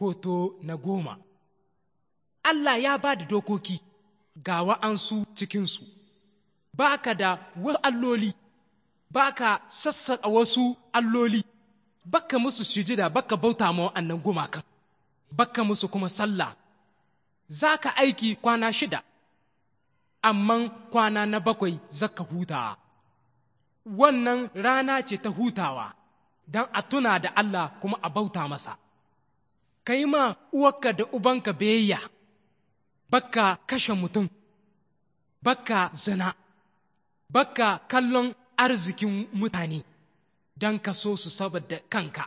hoto na goma Allah ya ba da dokoki ga wa'ansu cikinsu ba ka da wasu alloli ba ka sassaƙa wasu alloli baka musu sujida baka bauta ma wa'annan gumakan baka musu kuma sallah za ka aiki kwana shida amma kwana na bakwai za ka huta wannan rana ce ta hutawa don a tuna da Allah kuma a bauta masa ka yi ma uwarka da ubanka biyayya baka kashe mutum baka zina baka kallon arzikin mutane don ka so su saboda kanka